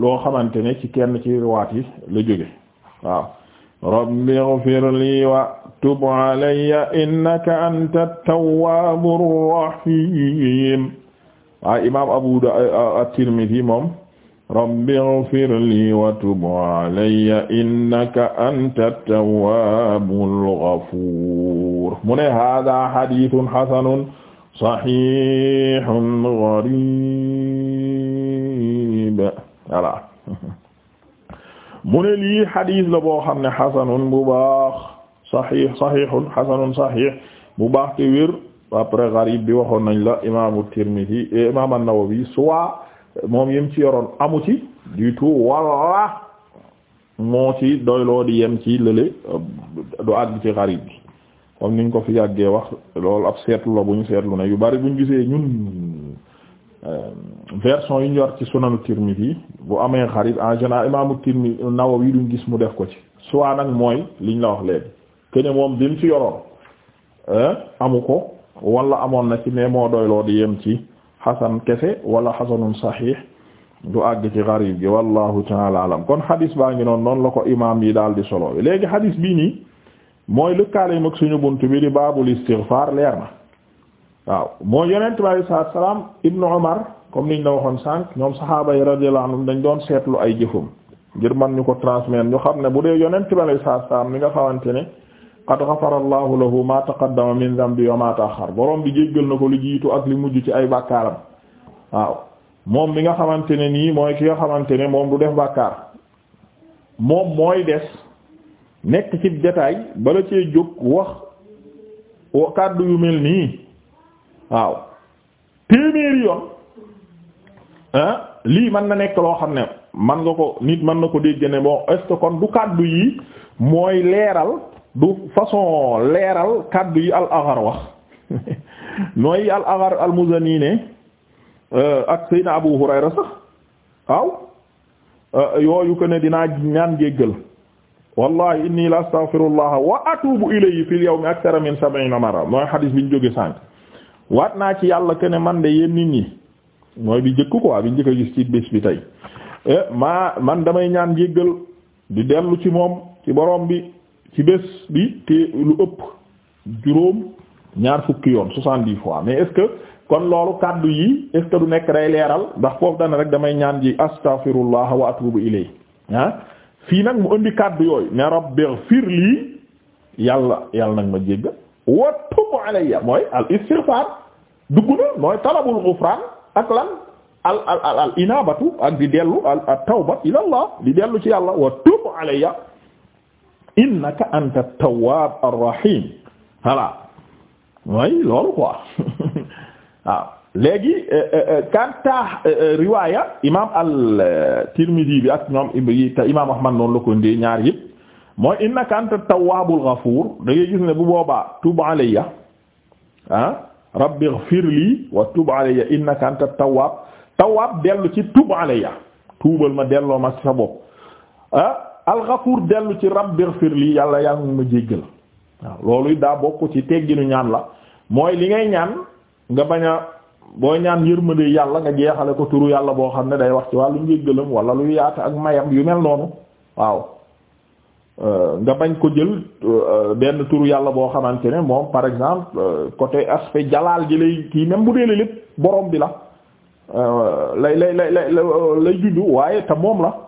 [SPEAKER 1] loo xamante ne ci kenn ci riwaat yi la jóge waaw rabbi ighfir li wa tub alayya innaka anta tawwabur rahim waaye imam abu at-tirmidhi moom rabbi ighfir li wa tub alayya innaka anta tawwabul ghafur mu ne hadha hadithun hasanun sahihun gharib voilà [LAUGHS] mu ne lii hadith la boo xam ne hasanun bu baax sahih sahihun hasanun sahih bu baax te wér après gharib bi waxoon nañ la imaamu Tirmidhi eh, imaam an-Nawawi soit eh, moom yem ci yoroon amu ci du tout walla moo ci doyloo di yem ci lële eh, du àgg ci gharib bi comme niñ ko fi yàggee wax loolu ab seetlu la bu ñu seetlu ne yu bari bu gisee ñun version yi ñu yor ci sunanu Tirmidhi bu amee gharib en général imaamu Tirmidhi Nawawi duñ gis mu def ko ci soit nag mooy liñ la wax léegi kene moom bi ci fi yoroon amu ko wala amoon na ci mais moo doyloo di yem ci xasan kese wala xasanun saxiix du àgg ci gariib gi wallahu taala alam kon xadis baa ngi noon noonu la ko imaam yi daal di solo léegi xadis bii nii mooy lëkkaale mag suñu bunt bi di baabul istighfar leer na waaw mooy yonent bi alayhi salaatu salaam ibnu Umar comme niñ la waxoon sànq ñoom saxaaba yi radiyallahu anhum dañ doon seetlu ay jëfum ngir man ñu ko transmettre ñu xam ne bu dee yonent bi alayhi salaatu salaam li nga xamante ne qad ghafara allahu lahu ma taqaddama min dhanbi wa ma ta'akhkhar bi jéggal na ko lu jiitu ak lu mujj ci ay bàkkaaram waaw moom mi nga xamante ne nii mooy ki nga xamante ne moom du def bàkkaar moom mooy des nekk ci jotaay bala cee jóg wax kàddu yu mel nii waaw téeméeri yoon lii mën na nekk loo xam ne man nga ko nit mën na ko dégg ne bon est kon du kàddu yi mooy leeral du façon leeral kaddu yi al-Aghar wax [LAUGHS] mooy al-Aghar al-Muzani ne euh, ak Seydina Abu Hurayra sax waaw euh, yooyu ko ne dinaa ñaan jéggal wallahi inni la astaghfirullah wa atubu ilayhi fil yawmi akthara min sab'ina marra mooy xadis bi ñu jóge sànq waat naa ci yàlla que ne man de yéen nit ñi mooy bi jëkk quoi bi njëkk a gis ci bés bi tey eh, maa man damay ñaan jéggal di dellu ci moom ci borom bi ci bés bi te lu ëpp juróom ñaar fukki yoon soixante-dix fois mais est kon loolu kàddu yi est du nekk day leeral ndax foofu dana rek damay ñaan ji astaghfirullah wa atubu ilay ah, fii nag mu indi kàddu yooyu ne rabbighfir lii yàlla yàlla nag ma jégg wa tub alayya mooy al istighfar dugg na mooy talabul ghufran ak lan al al al al inabatu ak di dellu al tawba ilallah di dellu ci yàlla wa tub alayya innaka anta tawwaab ar-rahiim voilà mooy loolu quoi [LAUGHS] waaw léegi euh, euh, euh, kanta riwaaya imaam al-Tirmidhi bi ak ñoom te imaam Ahmad noonu la ko ndee ñaar yëpp mooy innaka anta tawwaabul ghafuur da ngay gis ne bu boobaa tub alayya ah rabbi ighfir lii wa tub alayya innaka anta tawwaab tawwaab dellu ci tub alayya tuubal ma delloo ma sa bopp ah alxafuur dellu ci rabbighfir lii yàlla yaa ngi ma jéggal waaw loolu it daa bokk ci tegginu ñaan la mooy li ngay ñaan nga bañ a booy ñaan yërmande yàlla nga jeexale ko turu yàlla boo xam ne day wax ci wàllu njéggalam wala lu yaata ak mayam yu mel noonu waaw nga bañ ko jël benn turu yàlla boo xamante ne moom par exemple côté aspect jalaal ji lay kii même bu dee lépp borom bi la lay lay lay lay lay waaye te moom la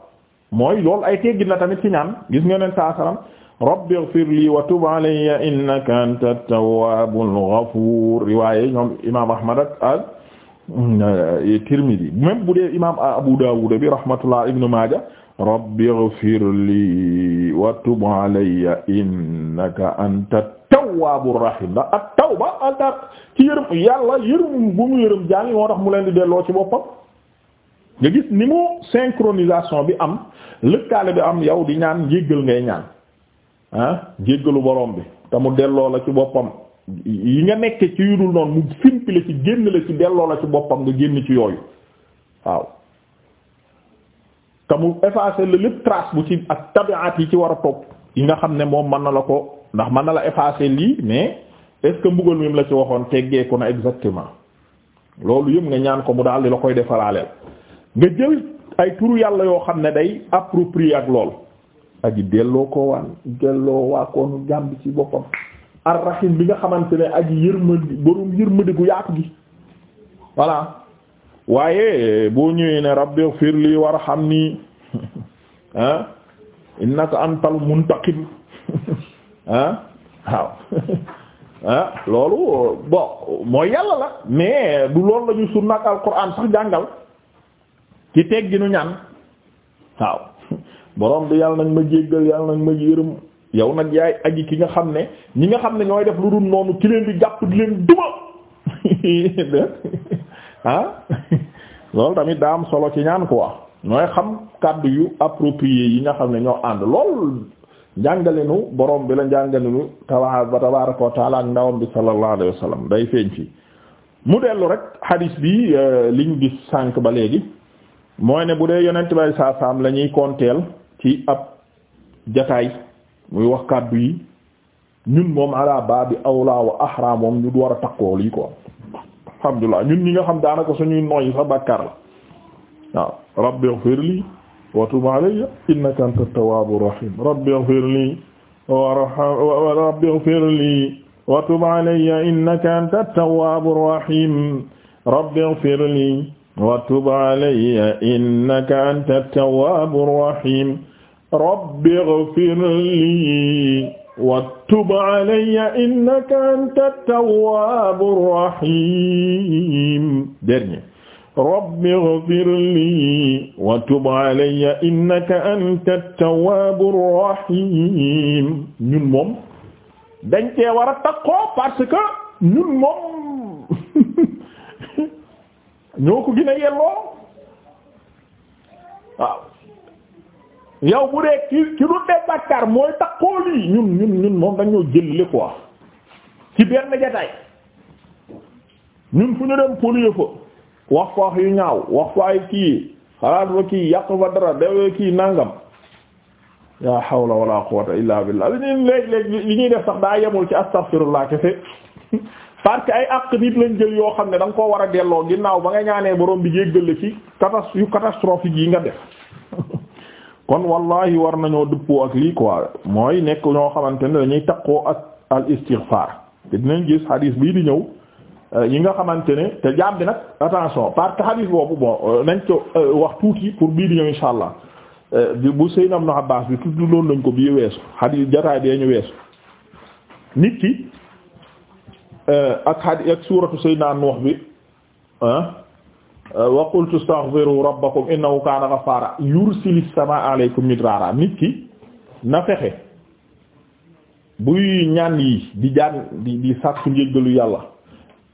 [SPEAKER 1] mooy loolu ay teggin la tamit ci ñaan gis nga ne saa salaam rabbi ighfir li wa tub alayya innaka anta tawwabul ghafur riwaaye ñoom imaam Ahmad ak ak euh, Tirmidhi même imaam Abu Dawud bi rahmatullah ibnu Maaja rabbi ighfir li wa tub alayya innaka anta tawwabur rahim ndax at tawba anta ci yërëm yàlla yërëm bu mu yërëm jaami tax mu leen di delloo ci boppam nga gis ni mu synchronisation bi am lëkkaale bi am yow di ñaan jéggal ngay ñaan ah jéggalu borom bi te mu delloo la ci boppam yi nga nekk ci yu dul noonu mu simpi la ci génn la ci delloo la ci boppam nga génn ci yooyu waaw te mu effacer la lépp trace bu ci ak tabiat yi ci war a topp yi nga xam ne moom mën na la ko ndax man na la effacer lii mais est-ce que mbugal mi la ci waxoon teggeeku na exactement loolu yëpp nga ñaan ko mu daal la koy defalaaleel nga jël ay turu yàlla yoo xam ne day approprié ak lool aji delloo ko waan delloo waa koonu jàmb ci boppam arrahim bi nga xamante ne aji yërmandi borom yërmandi gu yaatu gi voilà waaye boo ñëwee ne rabbi ighfir li warhamni [LAUGHS] ah innaka antal muntaqim [LAUGHS] ah waaw [LAUGHS] ah loolu bon mooy yàlla la mais du loolu la ñu sunna ak sax jàngal ci tegginu ñaan waaw borom bi yàlla nag ma jéggal yàlla nag ma yërëm yow nag yaay aji ki nga xam ne ñi nga xam ne ñooy def lu dul noonu ki leen di jàpp di leen duma [LAUGHS] ah [LAUGHS] loolu tamit daa am solo ci ñaan quoi ñooy xam kàddu yu approprié yi nga xam ne ñoo ànd lool njàngalenu borom bi la njàngalenu tabaa ba tabaaraka wa taala ndawam bi sallallahu alayhi day feeñ fi mu dellu rek hadis bi euh, liñ gis sànq ba léegi. mooy ne bu dee yonent bay saasaam la ñuy konteel ci ab jataay muy wax kàddu yi ñun moom ala baabi awla wa ahra moom ñu war a takkoo lii ko alhamdulilah ñun ñi nga xam daanaka suñuy noyyi sa bàkkar la waaw rabbi ighfir li wa tub alayya anta tawwaabu rahim rabbi ighfir li warham rabbi ighfir anta tawwaabu rahim rabbi ighfir watub alayya innaka anta tawwaabu rahiim rabbi ighfir lii watub alayya innaka anta tawwaabu rahiim dernier rabbi ighfir lii watub alayya innaka anta tawwaabu rahiim ñun moom dañ cee war a takkoo parce que ñun moom [LAUGHS] ñoo ko gën a yelloo waaw yow bu dee ki ki du dee bàkkaar mooy takkoo lii ñun ñun ñun moom dañoo jëlile quoi ci benn jataay ñun fu ñu dem polier fa wax wax yu ñaaw wax fa ay kii xalaat fa kii yàq fa dara dewee kii nàngam yaa hawla wala quwwata illa billah li ñuy ñuy def sax daa yemul ci astaghfirullah kese [LAUGHS] parce que ay àq nit lañ jël yoo xam ne da nga koo war a delloo ginnaaw ba nga ñaanee boroom bi jéggal la ci catas yu catastrophique yi nga def [LAUGHS] kon wallahi war nañoo dëppoo ak lii quoi mooy nekk ñoo xamante ne dañuy taqoo ak al istighfar te dinañ gis hadis bii di ñëw ñi euh, nga xamante ne te jaam bi nag attention parce que boobu bon euh, nañ ko euh, wax tuuti pour bii di ñëw insha allah bu Seydina Ibn Abbas bi tudd loolu nañ ko bii weesu hadis jotaay bee ñu ki. Euh, ak hadi ak suuratu sayyidina Nuh bi ah, euh, wa qultu astaghfiru rabbakum innahu kaana ghaffara yursilis samaa alaykum midraara nit ki na fexe buy ñaan yi di jàng di di sàkku njéggalu yàlla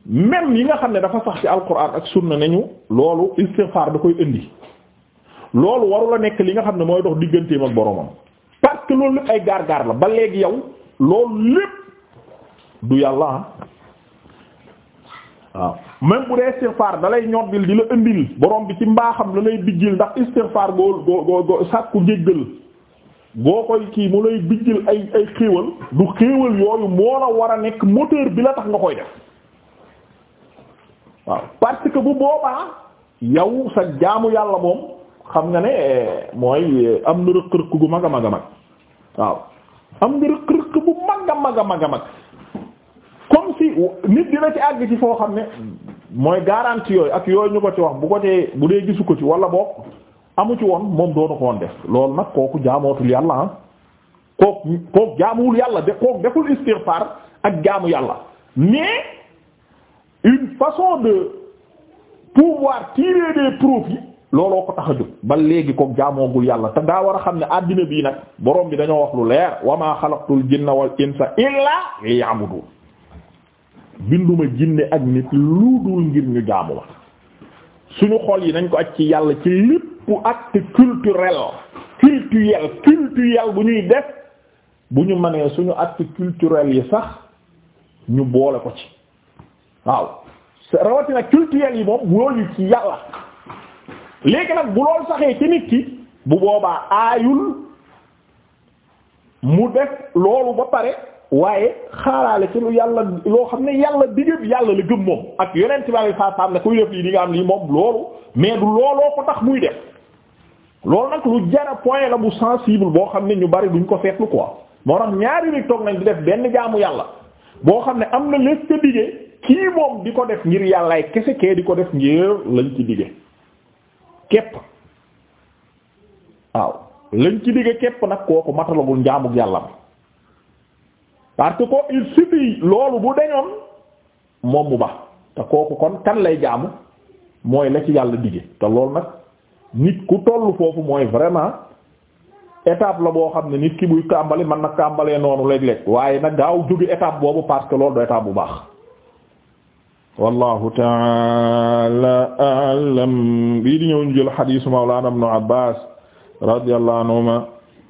[SPEAKER 1] même yi nga xam ne dafa sax ci alquran ak sunna nañu loolu istighfar da koy indi loolu warula nekk li nga xam ne mooy dox digganteem ak boromam parce loolu lépp ay gaar gaar la ba léegi yow loolu lépp du yàlla ah. waaw même bu dee istighfar da lay di la indil borom bi ci mbaaxam la lay bijjil ndax istighfar goo goo goo sàkku jéggal goo koy kii mu lay bijjil ay ay xéewal du xéewal yooyu moo la war a nekk moteur bi la tax nga koy def waaw parce bu boobaa yow sa jaamu yàlla moom xam nga ne eh, mooy eh, am na rëq-rëq gu mag a mag a mag waaw am nga rëq-rëq bu mag a mag a mag ci nit dina ci àgg ci foo xam ne mooy garantie yooyu ak yooyu ñu ko ci wax bu ko tee bu dee gisu ko ci wala boog amu ci woon moom doonu ko woon def loolu nag kooku jaamootul yàlla ah kooku kooku jaamuwul yàlla de kooku deful istighfar ak jaamu yàlla mais une façon de pouvoir tirer des profits looloo ko tax a jóg ba léegi kooku jaamoogul yàlla te daa war a xam ne àddina bii nag borom bi dañoo wax lu leer wa ma xalaqtul jinna wal insa illa liya'budun binduma jinne ak nit lu dul ngir ñu jaamu la suñu xol yi nañ ko ak ci yàlla ci lépp acte culturel culturel bu ñuy def bu ñu mënee suñu acte yi sax ñu boole ko ci waaw rawatina culturel yi moom loolu ci yàlla léegi nag bu loolu saxee ci nit ki bu boobaa aayul mu def loolu ba pare waaye xaaraale ci lu yàlla loo xam ne yàlla digëb yàlla la gëm moom ak yonent bi alei saa ne kuy def lii di nga am lii moom loolu mais du looloo ko tax muy def loolu nag lu jara point la bu sensible boo xam ne ñu bari duñ ko seetlu quoi moo tax ñaari nit toog nañ di def benn jaamu yàlla boo xam ne am na lees ca digee kii moom di ko def ngir yàllaay kese kee di ko def ngir lañ ci digee képp waaw lañ ci digee képp nag kooku matalagul njaamug yàlla parce que ko il suffit loolu bu dañoon moom mu ba te kooku kon kan lay jaamu mooy la ci yàlla dige te loolu nag nit ku toll foofu mooy vraiment étape la boo xam ne nit ki buy tàmbali man nag tàmbalee noonu léeg-léeg waaye nag gaaw jóge étape boobu parce que loolu du étape bu baax wallahu taala alam bii di ñëw ñu jël xadiisu mawlana ibnu abbas radiyallahu anhuma